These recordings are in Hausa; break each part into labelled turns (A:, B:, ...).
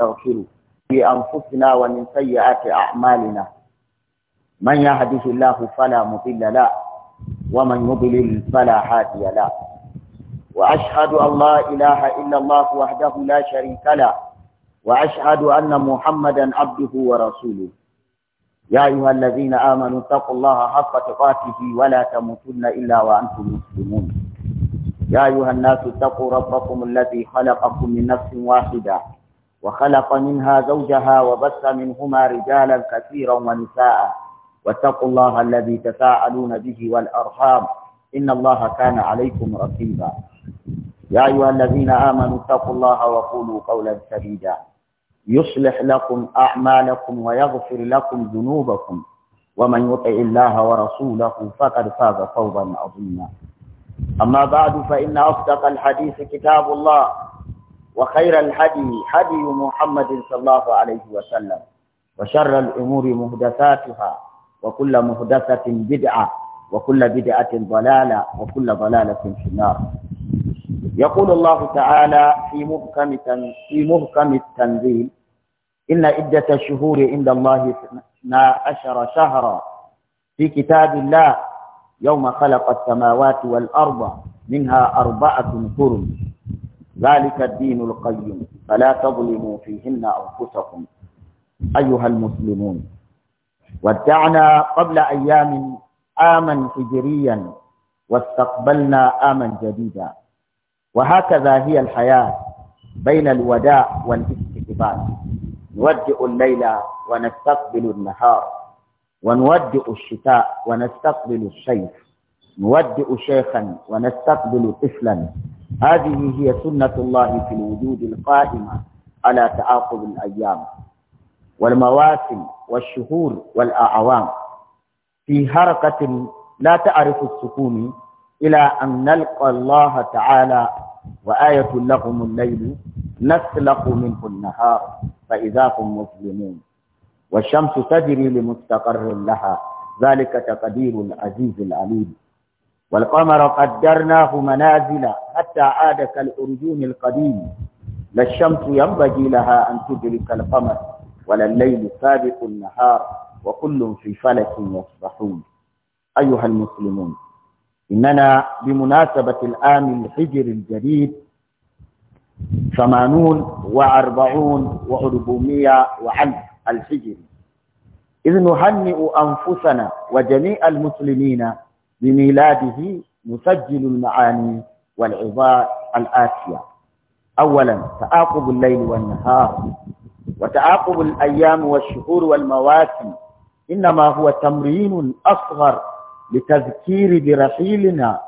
A: نستغفره في أنفسنا ومن سيئات أعمالنا من يهده الله فلا مضل له ومن يضلل فلا هادي له وأشهد أن لا إله إلا الله وحده لا شريك له وأشهد أن محمدا عبده ورسوله يا أيها الذين آمنوا اتقوا الله حق تقاته ولا تموتن إلا وأنتم مسلمون يا أيها الناس اتقوا ربكم الذي خلقكم من نفس واحدة وخلق منها زوجها وبث منهما رجالا كثيرا ونساء واتقوا الله الذي تساءلون به والأرحام إن الله كان عليكم رقيبا يا أيها الذين آمنوا اتقوا الله وقولوا قولا سديدا يصلح لكم أعمالكم ويغفر لكم ذنوبكم ومن يطع الله ورسوله فقد فاز فوضا عظيما أما بعد فإن أصدق الحديث كتاب الله وخير الهدي هدي محمد صلى الله عليه وسلم وشر الأمور مهدثاتها وكل مهدثة بدعة وكل بدعة ضلالة وكل ضلالة في النار يقول الله تعالى في محكم في محكم التنزيل إن عدة الشهور عند الله اثنا عشر شهرا في كتاب الله يوم خلق السماوات والأرض منها أربعة كرم ذلك الدين القيم فلا تظلموا فيهن أنفسكم أيها المسلمون ودعنا قبل أيام آما هجريا واستقبلنا آما جديدا وهكذا هي الحياة بين الوداع والاستقبال نودئ الليل ونستقبل النهار ونودئ الشتاء ونستقبل الشيخ نودئ شيخا ونستقبل طفلا هذه هي سنة الله في الوجود القائمة على تعاقب الأيام والمواسم والشهور والأعوام في حركة لا تعرف السكون إلى أن نلقى الله تعالى وآية لهم الليل نسلق منه النهار فإذا هم مظلمون والشمس تجري لمستقر لها ذلك تقدير العزيز العليم والقمر قدرناه منازل حتى عاد كالأرجون القديم لا الشمس ينبغي لها أن تدرك القمر ولا الليل سابق النهار وكل في فلك يسبحون أيها المسلمون إننا بمناسبة الآن الحجر الجديد ثمانون وأربعون وأربعمية وألف الحجر إذ نهنئ أنفسنا وجميع المسلمين بميلاده نسجل المعاني والعظات الآتية أولا تعاقب الليل والنهار وتعاقب الأيام والشهور والمواسم إنما هو تمرين أصغر لتذكير برحيلنا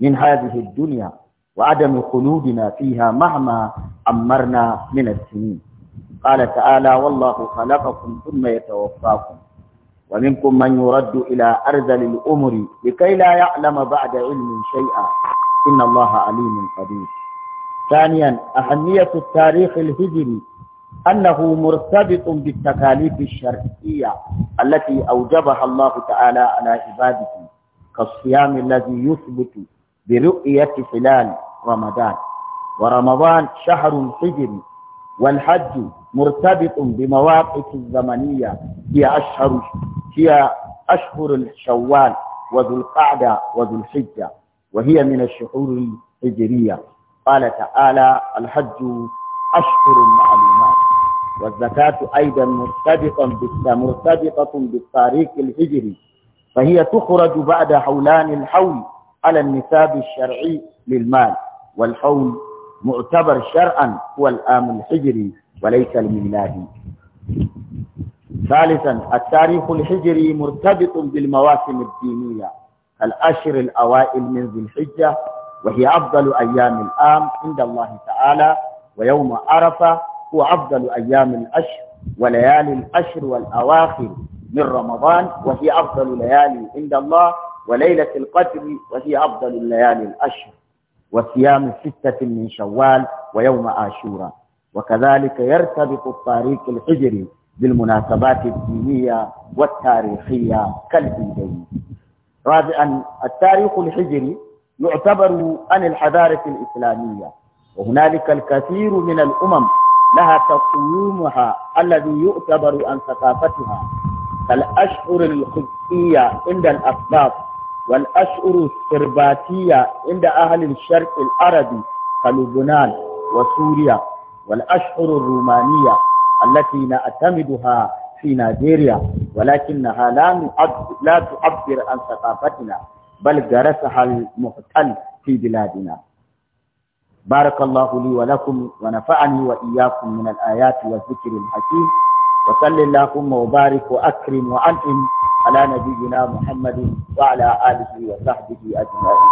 A: من هذه الدنيا وعدم خلودنا فيها مهما أمرنا من السنين قال تعالى والله خلقكم ثم يتوفاكم ومنكم من يرد إلى أرذل الأمر لكي لا يعلم بعد علم شيئا إن الله عليم قدير ثانيا أهمية التاريخ الهجري أنه مرتبط بالتكاليف الشرعية التي أوجبها الله تعالى على عباده كالصيام الذي يثبت برؤية خلال رمضان ورمضان شهر حجري والحج مرتبط بمواقف الزمنية هي أشهر هي أشهر الشوال وذو القعدة وذو الحجة وهي من الشهور الهجرية قال تعالى الحج أشهر المعلومات والزكاة أيضا مرتبطة مرتبطة بالتاريخ الهجري فهي تخرج بعد حولان الحول على النساب الشرعي للمال والحول معتبر شرعا هو الآم الحجري وليس الميلاد ثالثا التاريخ الهجري مرتبط بالمواسم الدينية الأشهر الأوائل من ذي الحجة وهي أفضل أيام الآم عند الله تعالى ويوم عرفة هو أفضل أيام الأشهر وليالي الأشهر والأواخر من رمضان وهي أفضل ليالي عند الله وليلة القدر وهي أفضل الليالي الأشهر وصيام ستة من شوال ويوم عاشوراء وكذلك يرتبط التاريخ الحجري بالمناسبات الدينية والتاريخية كالإنجيل رابعا التاريخ الحجري يعتبر عن الحضارة الإسلامية وهنالك الكثير من الأمم لها تقويمها الذي يعتبر عن ثقافتها كالأشهر الخزئية عند الأسباب والأشهر السرباتية عند أهل الشرق العربي كلبنان وسوريا والأشعر الرومانية التي نعتمدها في نيجيريا ولكنها لا لا تعبر عن ثقافتنا
B: بل جرسها
A: المحتل في بلادنا بارك الله لي ولكم ونفعني وإياكم من الآيات والذكر الحكيم وصل اللهم وبارك وأكرم وأنعم على نبينا محمد وعلى آله وصحبه أجمعين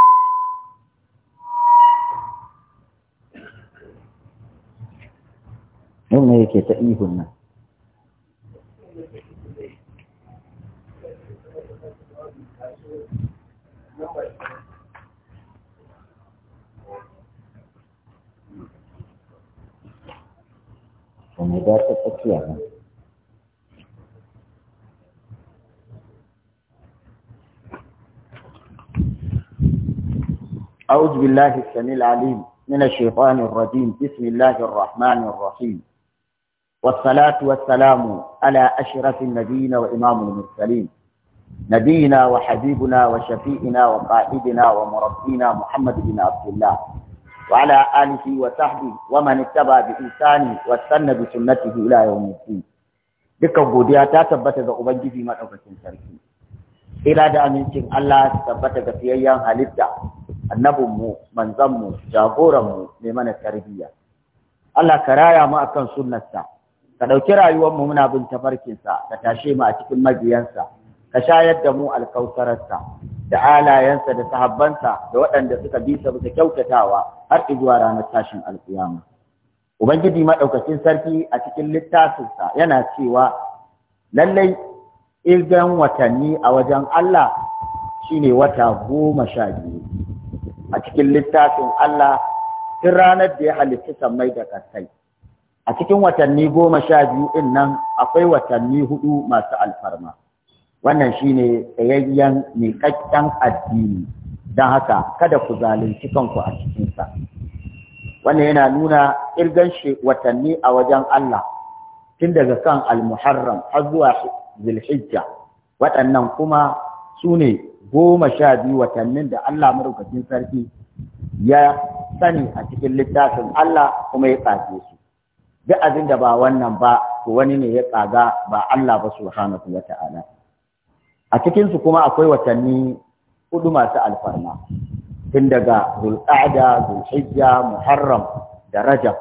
A: إن yake ta ihun nan أعوذ بالله السميع العليم من الشيطان الرجيم بسم الله الرحمن الرحيم والصلاة والسلام على أشرف النبيين وإمام المرسلين نبينا وحبيبنا وشفيئنا وقائدنا ومربينا محمد بن عبد الله وعلى آله وصحبه ومن اتبع بإنسان واستنى بسنته إلى يوم الدين بك بوديا تثبت ذا أبنجي في مرحبة سنسركي إلى دعمين شن الله تثبت ذا في أيام هلبدا النبو مو منظم مو جابور مو لمن التربية الله كرايا ما أكن سنة ka ɗauki rayuwar mu muna bin tafarkinsa ka tashe mu a cikin mabiyansa ka shayar da mu alkautararsa da alayensa da sahabbansa da waɗanda suka bi sa bisa kyautatawa har zuwa ranar tashin alkiyama ubangiji maɗaukacin sarki a cikin littafinsa yana cewa lallai irgan watanni a wajen Allah shine wata goma sha biyu a cikin littafin Allah tun ranar da ya halitta sammai da kartai. a cikin watanni goma sha biyu ɗin nan akwai watanni hudu masu alfarma wannan shine tsayayyen miƙaƙƙen addini don haka kada ku zalunci kanku a cikinsa wannan yana nuna ƙirgan watanni a wajen Allah tun daga kan almuharram har zuwa zilhijja waɗannan kuma su ne goma sha biyu watannin da Allah marukacin sarki ya sani a cikin littafin Allah kuma ya ƙafe su duk abin da ba wannan ba to wani ne ya tsaga ba Allah ba subhanahu wa ta'ala a cikin su kuma akwai watanni hudu masu alfarma tun daga zulqa'da zulhijja muharram da rajab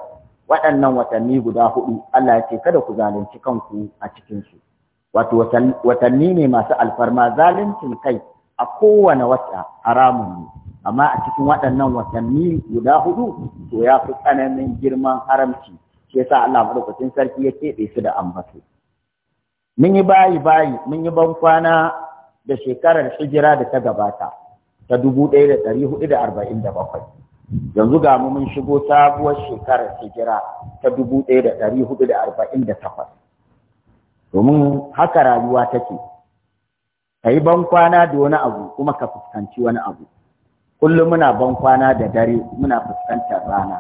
A: waɗannan watanni guda hudu Allah ya ce kada ku zalunci kanku a cikin su wato watanni ne masu alfarma zaluncin kai a kowane wata haramun ne amma a cikin waɗannan watanni guda hudu to ya fi tsananin girman haramci shi yasa Allah madaukakin sarki ya keɓe su da ambatu. mun yi bayi bayi mun yi ban kwana da shekarar hijira da ta gabata ta dubu yanzu ga mu mun shigo sabuwar shekarar hijira ta dubu ɗaya da domin haka rayuwa take ka yi ban kwana da wani abu kuma ka fuskanci wani abu kullum muna ban kwana da dare muna fuskantar rana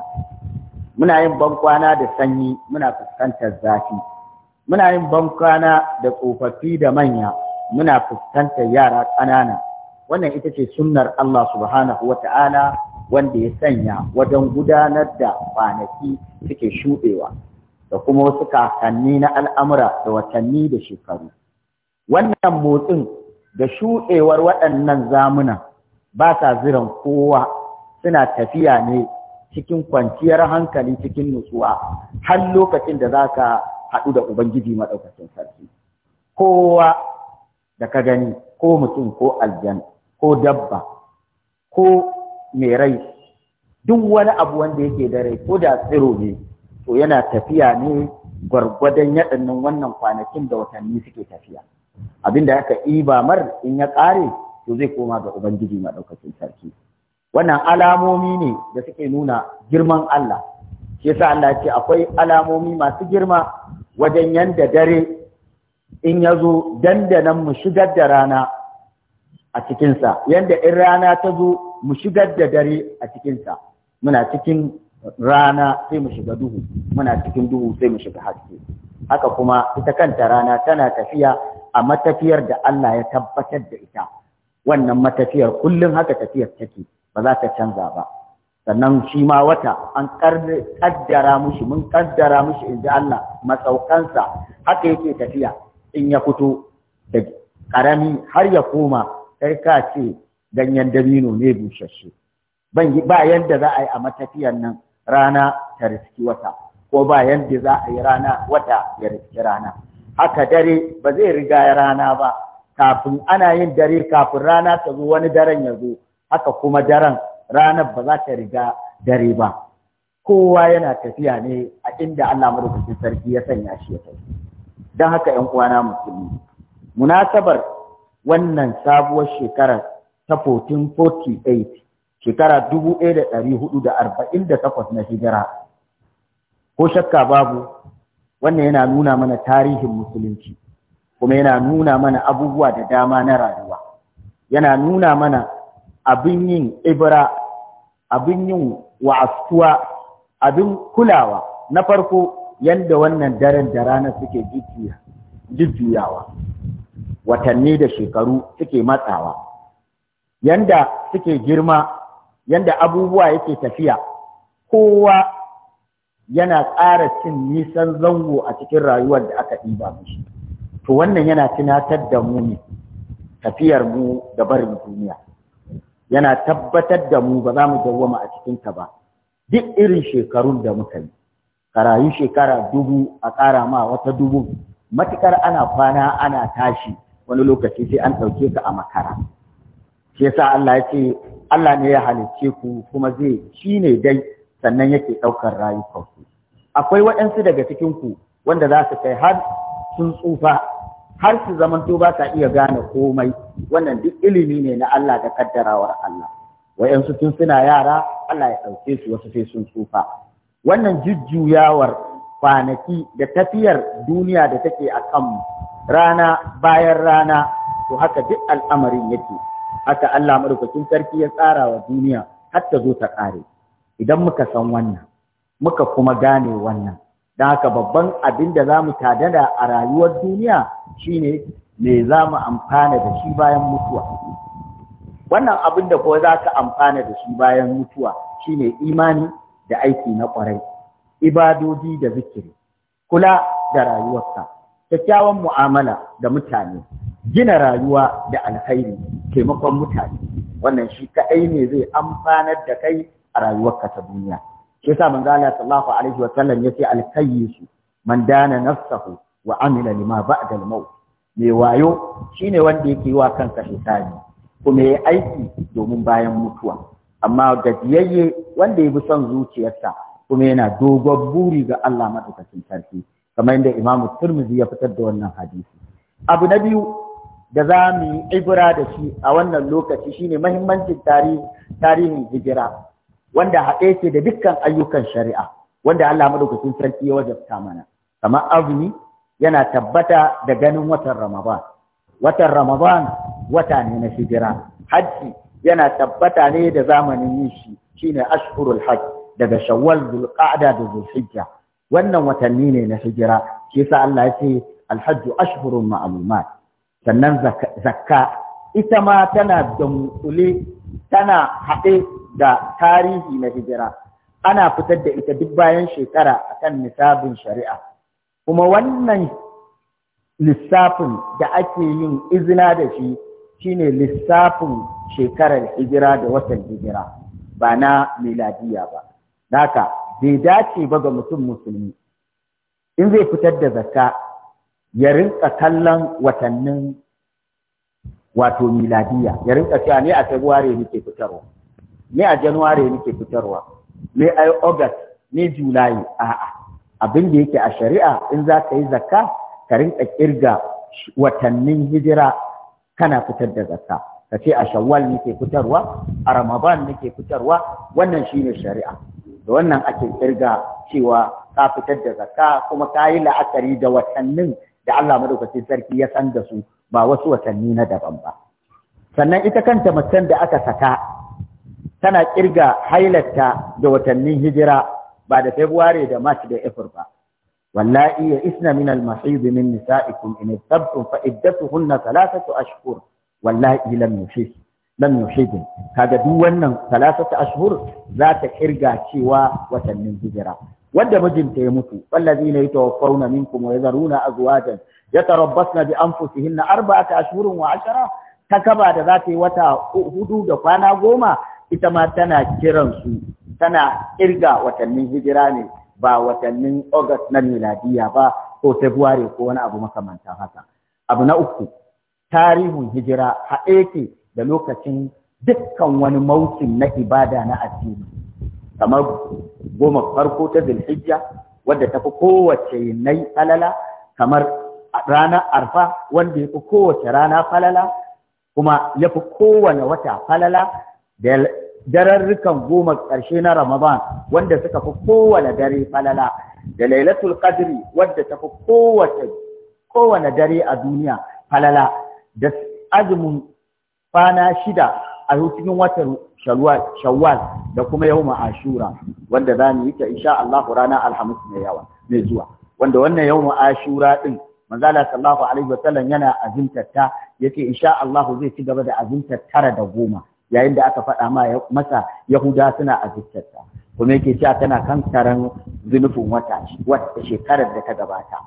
A: muna yin bankwana da sanyi muna fuskantar zafi muna yin bankwana da tsofaffi da manya muna fuskantar yara ƙanana wannan ita ce sunnar Allah subhanahu wa ta'ala wanda ya sanya wajen gudanar da kwanaki suke shuɗewa da kuma wasu kakanni na al'amura da watanni da shekaru wannan motsin da shuɗewar waɗannan zamuna ba sa ziran kowa suna tafiya ne cikin kwanciyar hankali cikin nutsuwa har lokacin da za ka haɗu da Ubangiji maɗaukacin sarki. Kowa da ka gani ko mutum ko aljan ko dabba ko mai rai duk wani abu wanda yake da rai ko da tsiro ne to yana tafiya ne gwargwadon yaɗannan wannan kwanakin da watanni suke tafiya. Abin da aka ɗiba mar in ya ƙare to zai koma ga Ubangiji maɗaukacin sarki. wannan alamomi ne da suke nuna girman Allah shi yasa Allah ce akwai alamomi masu girma wajen yanda dare in ya zo dandanan mu shigar da rana a cikinsa yanda in rana ta zo mu shigar da dare a cikinsa muna cikin rana sai mu shiga duhu muna cikin duhu sai mu shiga haske haka kuma ita kanta rana tana tafiya a matafiyar da Allah ya tabbatar da ita wannan matafiyar kullum haka tafiyar take ba za ta canza ba sannan shi ma wata an kaddara mushi mun kaddara mushi in ji Allah matsaukansa haka yake tafiya in ya fito da karami har ya koma sai ka ce ganyen dabino ne bushashe ba yadda za a yi a matafiyan nan rana ta riski wata ko ba yadda za a yi rana wata ya riski rana haka dare ba zai riga rana ba kafin ana yin dare kafin rana ta zo wani daren ya zo haka kuma daren ranar ba za ta riga dare ba kowa yana tafiya ne a inda Allah madaukakin sarki ya sanya shi ya tafi don haka 'yan uwana musulmi munasabar wannan sabuwar shekara ta 1448 shekara 1448 na hijira ko shakka babu wannan yana nuna mana tarihin musulunci kuma yana nuna mana abubuwa da dama na rayuwa yana nuna mana abin yin ibra abin yin wa'astuwa abin kulawa na farko yanda wannan daren da rana suke jujjuyawa watanni da shekaru suke matsawa yanda suke girma yanda abubuwa yake tafiya kowa yana ƙara cin nisan zango a cikin rayuwar da aka ɗiba shi, to wannan yana tunatar da mu ne tafiyar mu da barin duniya yana tabbatar da mu ba za mu dawwama a cikinta ba duk irin shekarun da muka yi karayu shekara dubu a ƙara ma wata dubu matuƙar ana kwana ana tashi wani lokaci sai an ɗauke ka a makara shi yasa Allah ya ce Allah ne ya halicce ku kuma zai shi ne dai sannan yake ɗaukar rayukanku akwai waɗansu daga cikin ku wanda za su kai har sun tsufa har su zamanto ba ka iya gane komai wannan duk ilimi ne na Allah da kaddarawar Allah wayansu tun suna yara Allah ya ɗauke su wasu sai sun tsufa wannan jujjuyawar kwanaki da tafiyar duniya da take a kanmu rana bayan rana to haka duk al'amarin yake haka Allah madaukakin sarki ya tsara wa duniya har ta zo ta ƙare idan muka san wannan muka kuma gane wannan don haka babban abin da za mu tadada a rayuwar duniya shine me za mu amfana da shi bayan mutuwa wannan abin da kuwa za ka amfana da shi bayan mutuwa shine imani da aiki na ƙwarai ibadodi da zikiri kula da rayuwarka kyakkyawan mu'amala da mutane gina rayuwa da alkhairi taimakon mutane wannan shi kaɗai ne zai amfanar da kai a rayuwarka ta duniya shi yasa manzo Allah sallallahu alaihi wa sallam yace alkayyisu man dana nafsahu wa amina lima ba'da al-maut mai wayo shine wanda yake wa kansa hisabi kuma yayi aiki domin bayan mutuwa amma gajiyayye wanda ya bi son zuciyarsa kuma yana dogon buri ga Allah madaukakin sarki kamar yadda Imam Tirmidhi ya fitar da wannan hadisi abu na biyu da za mu yi ibra da shi a wannan lokaci shine mahimmancin tarihi tarihin hijira wanda haɗe ke da dukkan ayyukan shari'a wanda Allah madaukakin sarki ya wajabta mana kamar azumi yana tabbata da ganin watan Ramadan watan Ramadan wata ne na hijira hajji yana tabbata ne da zamanin yin shi shine ashhurul hajj daga shawwal zulqa'da da zulhijja wannan watanni ne na hijira shi yasa Allah ya ce alhajju ashhurun ma'lumat sannan zakka ita ma tana dunkule tana haɗe da tarihi na hijira ana fitar da ita duk bayan shekara akan nisabin shari'a kuma wannan lissafin da ake yin izina da shi shine lissafin shekarar hijira da watan hijira ba na miladiya ba naka bai dace ba ga mutum musulmi in zai fitar da zakka ya rinka kallon watannin wato miladiya ya rinka cewa ne a february nake fitarwa ne a january nake fitarwa ne a august ne july a'a abin da yake a shari'a in za ka yi zakka ka rinka kirga watannin hijira kana fitar da zakka ka ce a shawwal nake fitarwa a ramadan nake fitarwa wannan shine shari'a da wannan ake kirga cewa ka fitar da zakka kuma ka yi la'akari da watannin da Allah madaukakin sarki ya san da su ba wasu watanni na daban ba sannan ita kanta macen da aka saka tana kirga hailarta da watannin hijira ba da February da March da April ba wallahi ya isna min al-mahid min nisa'ikum in tabtum fa iddatuhunna thalathatu ashhur wallahi lam yushrik lam kaga duk wannan salasata ashhur za ta kirga cewa watannin hijira wanda mijinta ya mutu wallazina yatawaffawna minkum wa yadharuna azwajan yatarabbasna bi anfusihinna arba'ata ashhurin wa ashara ta da za ta yi wata hudu da kwana goma ita ma tana kiran su tana kirga watannin hijira ne ba watannin August na miladiya ba ko February ko wani abu makamantan haka. Abu na uku, tarihin hijira haɗe ke da lokacin dukkan wani maukin na ibada na addini. Kamar goma farko ta Zulhijja wadda ta fi kowace nai falala, kamar rana arfa wanda ya fi kowace rana falala, kuma ya fi kowane wata falala da dararrukan goma ƙarshe na Ramadan wanda suka fi kowane dare falala da Lailatul Qadri wadda ta fi kowace kowane dare a duniya falala da azumin kwana shida a cikin watan Shawwal da kuma yawma Ashura wanda za mu yi ta insha Allah ranar Alhamis mai yawa mai zuwa wanda wannan yawma Ashura din manzala sallallahu alaihi wasallam yana azimtar ta yake insha Allah zai ci gaba da azimtar tara da goma yayin da aka faɗa masa yahuda suna zuciyarsa kuma yake cewa tana kan karan zunufin wata wata shekarar da ta gabata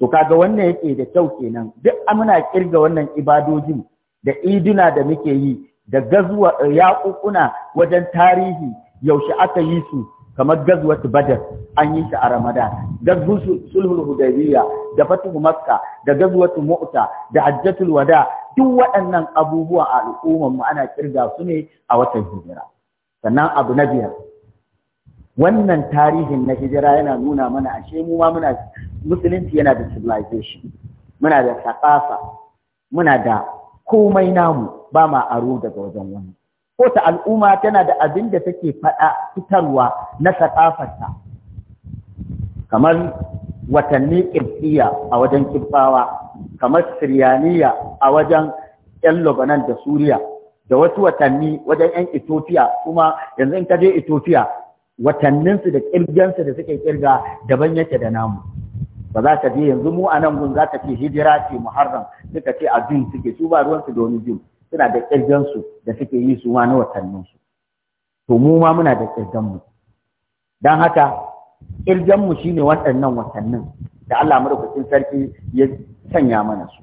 A: to kaga wannan yake da kyau kenan duk muna kirga wannan ibadojin da iduna da muke yi da gazuwa eh, yaƙuƙuna wajen tarihi yaushe aka yi su kamar gazwatu badar an yi shi a ramadan gazwatu sulhul hudaybiya da fatuhu makka da gazwatu mu'ta da hajjatul wada duk waɗannan abubuwa a al'umman mu ana kirga su ne a watan hijira sannan abu na biyar wannan tarihin na hijira yana nuna mana ashe mu ma muna musulunci yana da civilization muna da sakafa muna da komai namu ba ma aro daga wajen wani ko ta al'umma tana da abin da take faɗa fitarwa na sakafarta kamar watanni kirkiya a wajen kirfawa kamar Siriyaniya a wajen 'yan Lebanon da Suriya da wasu watanni wajen 'yan Ethiopia kuma yanzu in ka je Ethiopia watanninsu da ƙirgensu da suke ƙirga daban yake da namu ba za ka je yanzu mu a nan gun za ka ce hijira ce muharram suka ce a jun suke su ba ruwansu da wani jun suna da ƙirgensu da suke yi su ma na watanninsu to mu ma muna da mu Dan haka ƙirgenmu shine waɗannan watannin da Allah madaukakin sarki ya sanya mana su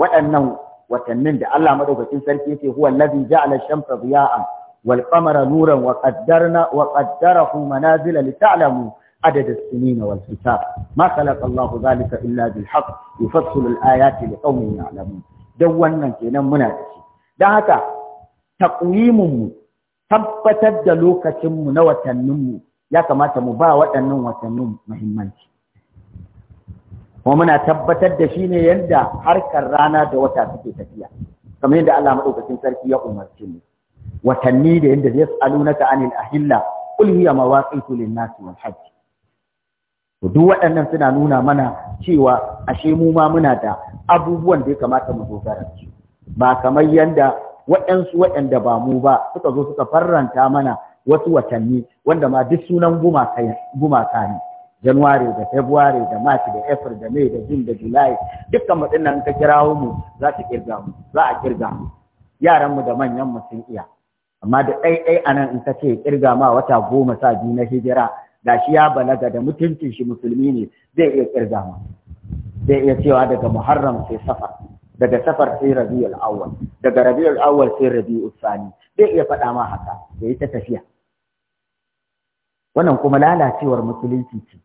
A: waɗannan watannin da Allah madaukakin sarki yake huwa allazi ja'ala ash-shamsa diya'an wal qamara nuran wa qaddarna wa qaddarahu manazila zalika illa السنين والحساب ما خلق الله ذلك إلا بالحق يفصل wannan kenan muna da shi. Dan haka تقويم tabbatar da lokacinmu na watanninmu ya kamata mu ba waɗannan watannin muhimmanci kuma muna tabbatar da shi ne yadda harkar rana da wata suke tafiya kamar yadda Allah madaukakin sarki ya umarci mu watanni da yadda zai tsalunaka anil ahilla qul hiya mawaqitu lin-nasi wal hajj duk waɗannan suna nuna mana cewa ashe mu ma muna da abubuwan da ya kamata mu dogara su ba kamar yadda waɗansu waɗanda ba mu ba suka zo suka farranta mana wasu watanni wanda ma duk sunan gumaka ne Januwari da Februari da March da April da May da June da July dukkan mu dinnan ka kirawo mu za ta kirga mu za a kirga mu yaran da manyan mu sun iya amma da ɗai a nan in ka ce kirga ma wata goma sa biyu na hijira da shi ya balaga da mutuncin shi musulmi ne zai iya kirga mu zai iya cewa daga Muharram sai Safar daga Safar sai Rabiul Awwal daga Rabiul Awwal sai Rabiul Sani zai iya faɗa ma haka yayi ta tafiya wannan kuma lalacewar musulunci ce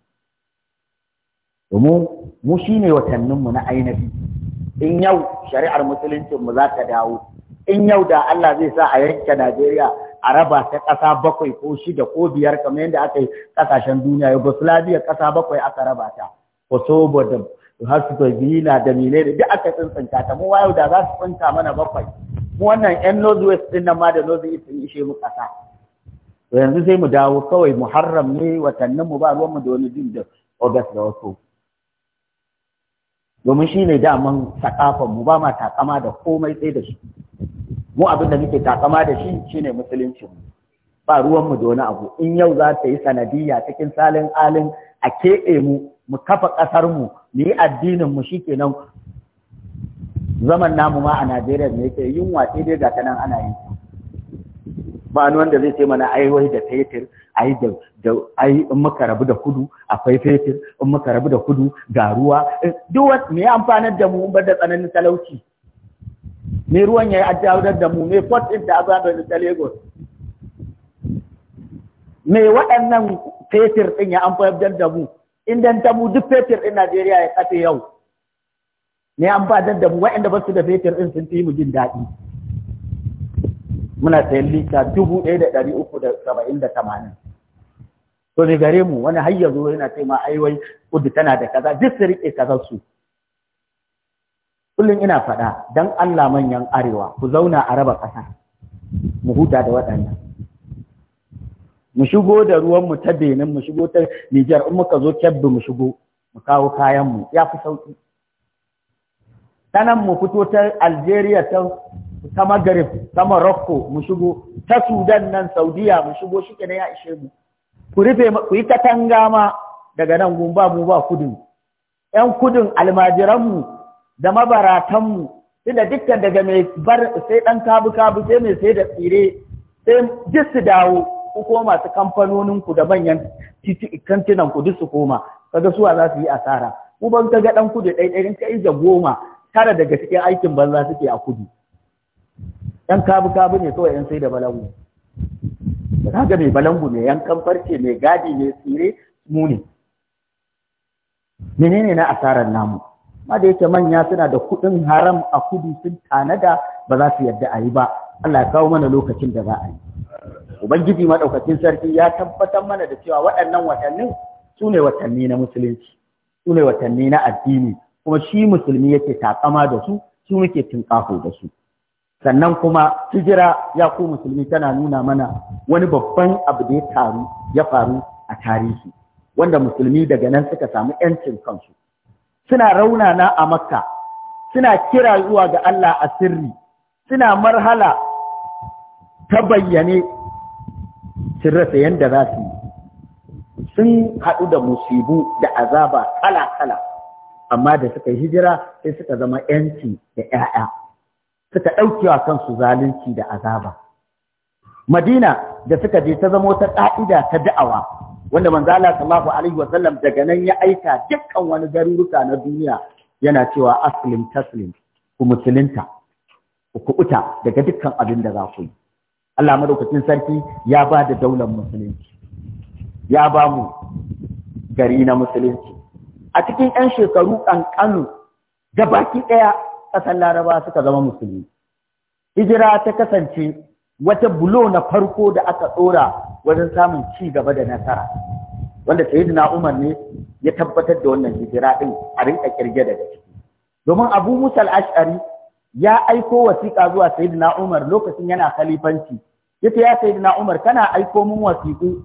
A: domin mu shi ne watanninmu na ainihi in yau shari'ar musuluncinmu za ta dawo in yau da Allah zai sa a yanke Najeriya a raba ta ƙasa bakwai ko shida ko biyar kamar yadda aka yi ƙasashen duniya Yugoslavia ƙasa bakwai aka raba ta Kosovo da Herzegovina da Milene duk aka tsintsinta ta mu yau da za su tsinta mana bakwai mu wannan ƴan Northwest din nan ma da Northeast sun ishe mu ƙasa yanzu sai mu dawo kawai Muharram ne watannin mu ba ruwan mu da wani jin da August da wasu domin shi ne daman sakafan mu ba ma takama da komai sai da shi mu abin da muke takama da shi shine musuluncin mu ba ruwanmu mu da wani abu in yau za ta yi sanadiyya cikin salin alin a keɓe mu mu kafa ƙasar mu mu yi addinin mu kenan zaman namu ma a Najeriya ne yake yunwa sai dai ga ta nan ana yi ba wani wanda zai ce mana aiwai da fetir ai da da ai in muka rabu da kudu akwai fetur in muka rabu da kudu ga ruwa eh, duk wasu me amfanar da mu bar da tsananin talauci me ruwan ya addawar da mu me port din da ni da Lagos me waɗannan fetur din ya amfanar da mu indan ta mu duk fetur din Najeriya ya kafe yau me amfanar da mu waɗanda ba su da fetur din sun fi mu jin daɗi muna sayan lita dubu ɗaya da ɗari uku da saba'in da tamanin to ne gare mu wani har yanzu yana ce ma ai wai kudu tana da kaza duk su rike kaza su kullum ina faɗa dan Allah manyan arewa ku zauna a raba ƙasa mu huta da waɗannan mu shigo da ruwan mu ta Benin mu shigo ta Niger in muka zo Kebbi mu shigo mu kawo kayan mu ya fi sauki sanan mu fito ta Algeria ta ta Maghrib ta Morocco mu shigo ta Sudan nan Saudiya mu shigo shi ne ya ishe mu ku rufe ku yi katanga ma daga nan gun ba mu ba kudin ƴan kudin almajiranmu da mabaratanmu tunda dukkan daga mai bar sai ɗan kabu kabu sai mai sai da tsire sai duk su dawo ku koma masu kamfanonin ku da manyan kantinan ku duk su koma kaga suwa za su yi asara ku ban kaga ɗan kudu ɗaiɗai ka kai da goma tara daga cikin aikin banza suke a kudu ɗan kabu kabu ne kawai ɗan sai da balagu za ga mai balangu mai yankan farce mai gadi mai tsire muni. menene na asarar namu ma da yake manya suna da kuɗin haram a kudu sun tanada ba za su yadda a yi ba Allah ya kawo mana lokacin da za a yi ubangiji maɗaukacin sarki ya tabbatar mana da cewa waɗannan watannin su ne watanni na musulunci su ne watanni na addini kuma shi musulmi yake takama da su su muke tinƙaho da su sannan kuma hijira ya ku musulmi tana nuna mana wani babban abu da ya taru ya faru a tarihi wanda musulmi daga nan suka samu yancin kansu suna raunana a makka suna kira zuwa ga Allah a sirri suna marhala ta bayyane sirrata yadda za su yi sun haɗu da musibu da azaba kala-kala amma da suka yi hijira sai suka zama yanci da ‘ya'ya suka wa kansu zalunci da azaba madina da suka je ta zama wata ƙa'ida ta da'awa wanda manzo Allah sallallahu alaihi wa sallam daga nan ya aika dukkan wani garuruka na duniya yana cewa aslim taslim ku musulunta ku uta daga dukkan abin da za ku yi Allah madaukakin sarki ya ba da daular musulunci ya ba mu gari na musulunci a cikin 'yan shekaru ƙanƙanu da baki ɗaya ƙasar laraba suka zama musulmi hijira ta kasance wata bulo na farko da aka tsora wajen samun ci gaba da nasara wanda sayyidina umar ne ya tabbatar da wannan hijira ɗin a rinka kirge daga ciki domin abu musa al'ashari ya aiko wasiƙa zuwa sayyidina umar lokacin yana khalifanci yace ya sayyidina umar kana aiko min wasiƙu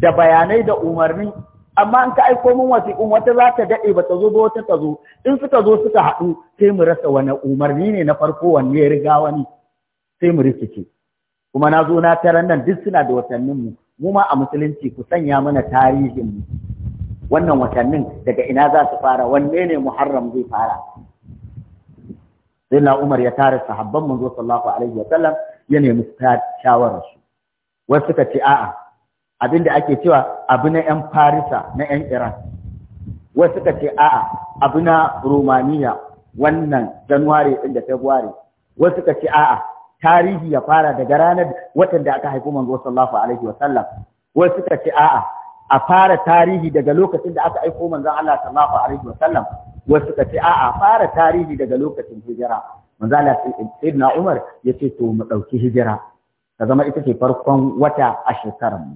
A: da bayanai da umarni amma an ka aiko min wasiƙun wata za ta daɗe ba ta zo ba wata ta zo in suka zo suka haɗu sai mu rasa wani umarni ne na farko wanne ya riga wani sai mu rikice kuma na zo na taran nan duk suna da watannin mu mu ma a musulunci ku sanya mana tarihin mu wannan watannin daga ina za su fara wanne ne muharram zai fara sai na umar ya tara sahabban manzo sallallahu alaihi wa sallam ya nemi shawararsu wasu suka ce a'a Abin da ake cewa abu na 'yan farisa na 'yan iran wasu suka ce a'a abu na romaniya wannan januwari ɗin da february wasu suka ce a'a tarihi ya fara daga ranar watan da aka haifi manzo sallallahu alaihi sallam, wasu suka ce a'a a fara tarihi daga lokacin da aka aiko manzon Allah sallallahu alaihi sallam, wasu suka ce a'a fara tarihi daga lokacin hijira manzo Allah sayyidina Umar yace to mu dauki hijira ta zama ita ce farkon wata a shekarar mu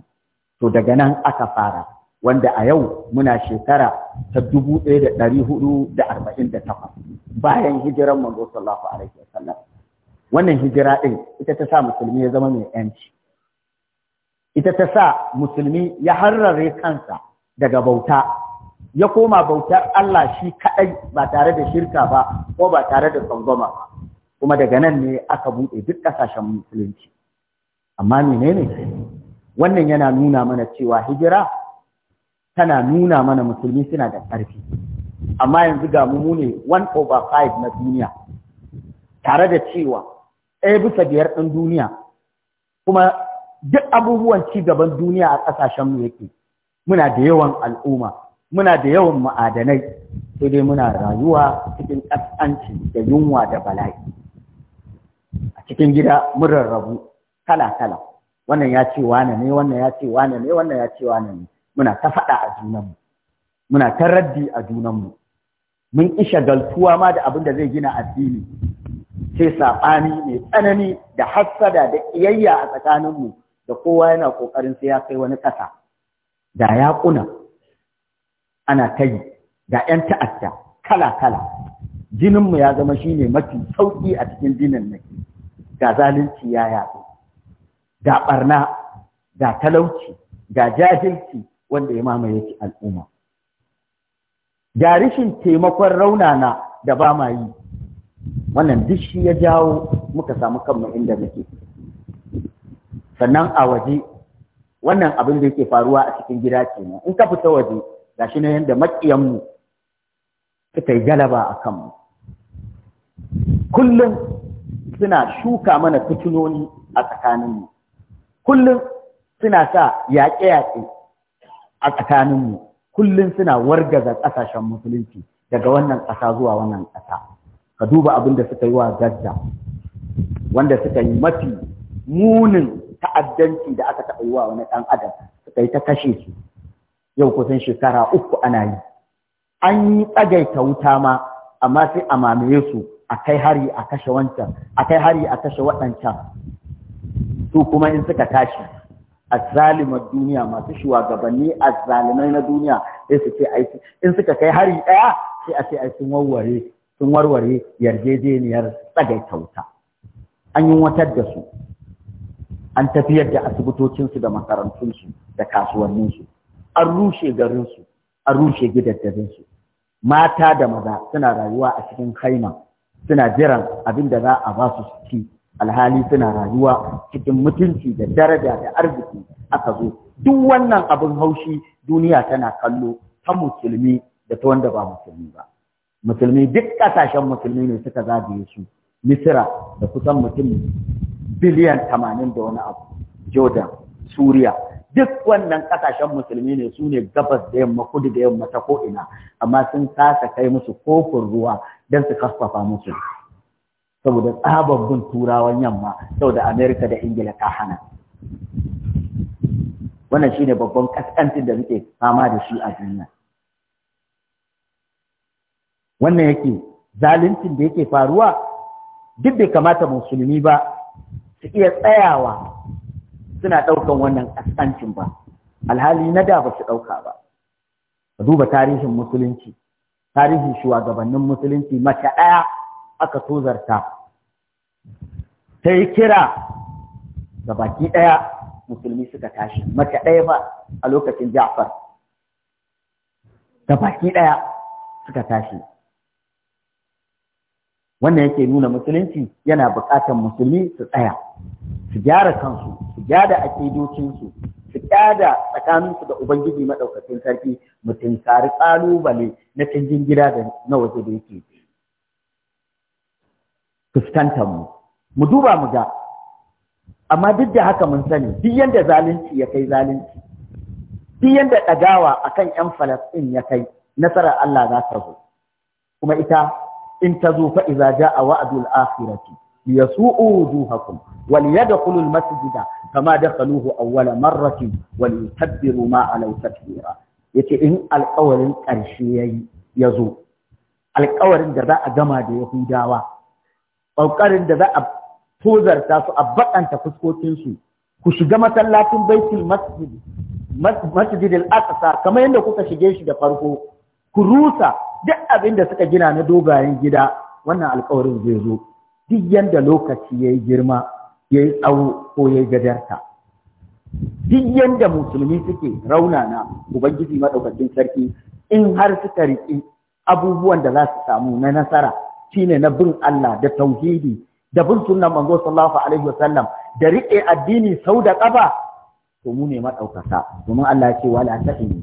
A: to daga nan aka fara wanda a yau muna shekara ta dubu ɗaya da da da ɗari arba'in hudu takwas, bayan hijiran manzo sallallahu alaihi wasallam wannan hijira ɗin ita ta sa musulmi ya zama mai yanci ita ta sa musulmi ya harrare kansa daga bauta ya koma bautar Allah shi kaɗai ba tare da shirka ba ko ba tare da tsangwama ba kuma daga nan ne aka buɗe duk ƙasashen musulunci amma menene wannan yana nuna mana cewa hijira tana nuna mana musulmi suna da ƙarfi amma yanzu ga mu ne 1 over 5 na duniya tare da cewa ɗaya bisa biyar ɗin duniya kuma duk abubuwan ci gaban duniya a ƙasashen mu yake muna da yawan al'umma muna da yawan ma'adanai sai dai muna rayuwa cikin ƙasƙanci da yunwa da bala'i a cikin gida mun rarrabu kala-kala wannan ya ce wane ne wannan ya ce wane ne wannan ya ce wane ne muna ta faɗa a junanmu muna ta raddi a junanmu mun isha galtuwa ma da abin da zai gina addini sai saɓani mai tsanani da hassada da iyayya a tsakaninmu da kowa yana ƙoƙarin sai ya kai wani ƙasa da ya ana ta yi da 'yan ta'adda kala-kala jininmu ya zama shine mafi sauƙi a cikin jinin nan ga zalunci ya yaɗu da ɓarna, da talauci da jahilci wanda ya mamaye al'umma da rishin taimakon raunana da ba ma yi wannan duk shi ya jawo muka samu kanmu inda muke sannan a waje wannan abin da yake faruwa a cikin gida kenan in ka fita waje shi na yanda mu suka yi galaba a kanmu kullum suna shuka mana fitinoni a tsakaninmu kullum suna sa yaƙe-yaƙe a tsakaninmu kullum suna wargaza ƙasashen musulunci daga wannan ƙasa zuwa wannan ƙasa ka duba abin da suka yi wa gazza wanda suka yi mafi munin ta'addanci da aka taɓa yi wa wani ɗan adam suka yi ta kashe su yau kusan shekara uku ana yi an yi tsagaita wuta ma amma sai a mamaye su a kai hari a kashe wancan a kai hari a kashe waɗancan su kuma in suka tashi a zalimar duniya masu shugabanni zalimai na duniya sai su ce in suka kai hari ɗaya, sai a ce ai sun warware sun warware yarjejeniyar tsagaita wuta an yi watar da su an tafiyar da asibitocinsu da makarantunsu da kasuwanninsu an rushe garinsu an rushe gidajensu mata da maza suna rayuwa a cikin haina suna jiran abin da za a ba su ci alhali suna rayuwa cikin mutunci da daraja da arziki aka zo duk wannan abin haushi duniya tana kallo ta musulmi da ta wanda ba musulmi ba musulmi duk kasashen musulmi ne suka zagaye su misira da kusan mutum biliyan tamanin da wani abu jordan suriya duk wannan kasashen musulmi ne su ne gabas da yamma kudu da yamma ta ko'ina amma sun kasa kai musu kofin ruwa don su kafafa musu saboda tsababbin turawan yamma da amerika da ingila ta hana wannan shine babban kaskancin da muke fama da shi a duniya wannan yake zaluncin da yake faruwa duk bai kamata musulmi ba su iya tsayawa suna ɗaukan wannan kaskancin ba alhali na da ba su ɗauka ba duba tarihin musulunci tarihin shugabannin musulunci mace ɗaya aka tozarta ta yi kira ga baki ɗaya musulmi suka tashi mace ɗaya ba a lokacin ja'far ga baki ɗaya suka tashi wannan yake nuna musulunci yana buƙatar musulmi su tsaya su gyara kansu su gyara aƙidocinsu su gyara tsakaninsu da ubangiji maɗaukacin sarki mutum tsari ƙalubale na canjin gida da na waje da yake fuskantar mu mu duba mu ga amma duk da haka mun sani duk yanda zalunci ya kai zalunci duk yanda ɗagawa akan ƴan Falastin ya kai nasarar Allah za ta zo kuma ita in ta zo fa iza a wa'dul akhirati liyasu'u wujuhakum wa liyadkhulul masjida kama dakhaluhu awwala marratin wa liyutabbiru ma alaw tatbira yace in alƙawarin ƙarshe yayi ya zo alƙawarin da za a gama da Yahudawa ƙauƙarin da za a tozarta su a baƙanta fuskokinsu ku shiga masallacin baitul masjid masjid al-aqsa kamar yadda kuka shige shi da farko ku rusa duk abin da suka gina na dogayen gida wannan alƙawarin zai zo duk yadda lokaci ya yi girma ya yi tsawo ko ya yi gadarta duk yanda musulmi suke raunana ubangiji maɗaukacin sarki in har suka riƙi abubuwan da za su samu na nasara shine na bin Allah da tauhidi da bin sunnan manzo sallallahu alaihi wasallam da riƙe addini sau da ƙafa to mu ne madaukaka domin Allah ya ce wala tahinu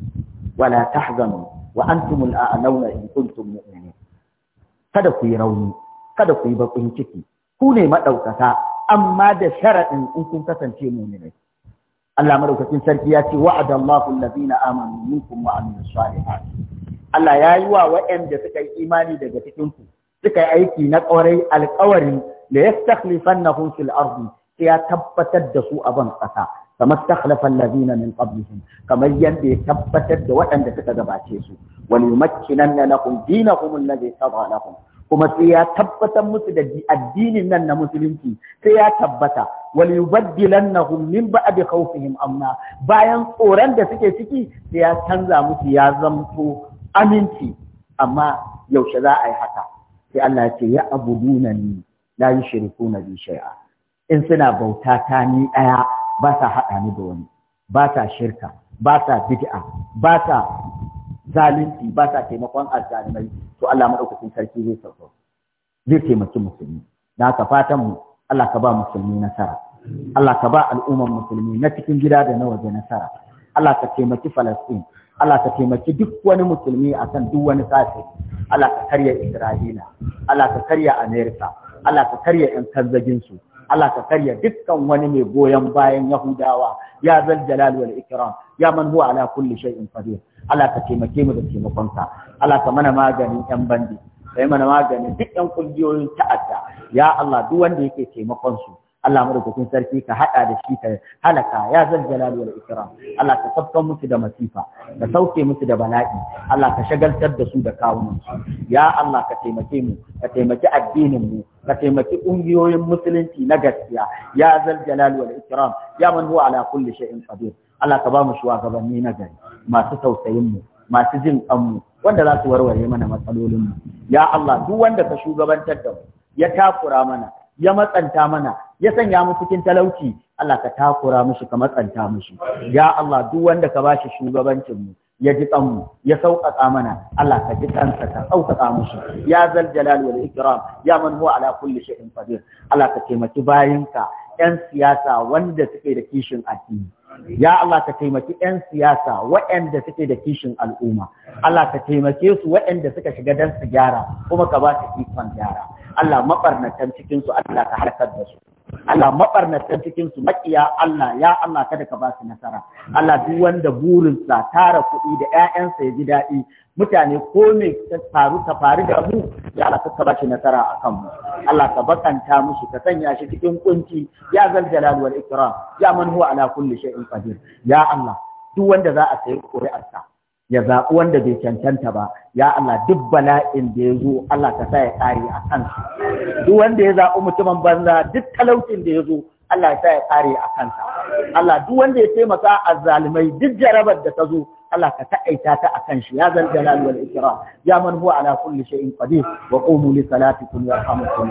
A: wala tahzanu wa antumul a'launa in kuntum mu'minin kada ku yi rauni kada ku yi bakin ciki ku ne madaukaka amma da sharadin in kun kasance mu'minai Allah madaukakin sarki ya ce wa'adallahu allazina amanu minkum wa amilus salihati Allah ya yi wa waɗanda suka yi imani daga cikin ku suka yi aiki na ƙwarai alƙawari da ya stakhlifan na fil ardi ya tabbatar da su a ban ƙasa kamar stakhlafan lazina min qablihim kamar yadda ya tabbatar da waɗanda suka gabace su wal yumakkinanna lakum dinakum alladhi tadha lakum kuma sai ya tabbatar musu da addinin nan na musulunci sai ya tabbata wal yubaddilannahum min ba'di khawfihim amna bayan tsoron da suke ciki sai ya canza musu ya zamto aminci amma yaushe za a yi haka sai Allah ya ce ya abuduna ni la yushrikuna bi shay'a in suna bauta ta ni daya ba sa hada ni da wani ba sa shirka ba sa bid'a ba sa zalunci ba sa taimakon azzalimai to Allah madaukakin sarki zai sauko zai taimaki musulmi da haka fatan mu Allah ka ba musulmi nasara Allah ka ba al'umman musulmi na cikin gida da na waje nasara Allah ka taimaki Falastin Allah ka taimaki duk wani musulmi akan duk wani sashi Allah ka karya Isra'ila Allah ka karya Amerika Allah ka karya ƴan kanzagin su Allah ka karya dukkan wani mai goyon bayan Yahudawa ya zal jalal wal ikram ya man huwa ala kulli shay'in qadir Allah ka taimake mu da taimakonka Allah ka mana maganin ƴan bandi kai mana maganin duk ƴan kungiyoyin ta'adda ya Allah duk wanda yake taimakon su Allah madaukakin sarki ka hada da shi ka halaka ya zan jalali wal ikram Allah ka sabkan musu da masifa ka sauke musu da bala'i Allah ka shagaltar da su da kawunan su ya Allah ka taimake mu ka taimaki addinin mu ka taimaki ƙungiyoyin musulunci na gaskiya ya zal jalali wal ikram ya man huwa ala kulli shay'in qadir Allah ka ba mu shugabanni na gari masu tausayin mu masu jin kanmu wanda za su warware mana matsalolin mu ya Allah duk wanda ka shugabantar da mu ya takura mana ya matsanta mana ya sanya mu cikin talauci Allah ka takura mushi ka matsanta mushi ya Allah duk wanda ka bashi shugabancin mu ya ji tsanmu ya sauƙaƙa mana Allah ka ji ka sauƙaƙa mushi ya zal jalal wal ikram ya man huwa ala kulli shay'in qadir Allah ka taimaki ka ƴan siyasa wanda suke da kishin addini ya Allah ka taimaki ƴan siyasa waɗanda suke da kishin al'umma Allah ka taimake su waɗanda suka shiga dan su gyara kuma ka ba su ikon gyara Allah mabarnatan cikin su Allah ka harkar da su Allah mabarnatan cikin su makiya Allah ya Allah kada ka ba su nasara Allah duk wanda burinsa tara kuɗi da ƴaƴansa ya ji daɗi mutane ko me ka faru faru da mu ya Allah ka bashi nasara a mu. Allah ka bakanta mushi ka sanya shi cikin kunci ya zal jalal wal ikram ya man huwa ala kulli shay'in qadir ya Allah duk wanda za a sayi ƙuri'arsa ya zaɓi wanda bai cancanta ba ya Allah duk bala'in da ya zo Allah ka sa ya ƙare a kansa duk wanda ya zaɓi mutumin banza duk talaucin da ya zo Allah ya sa ya ƙare a kansa Allah duk wanda ya taimaka a zalimai duk jarabar da ta zo Allah ka taƙaita ta a kan shi ya zal jalal wal ikram ya man huwa ala kulli shay'in qadir wa qumu li salatikum yarhamukum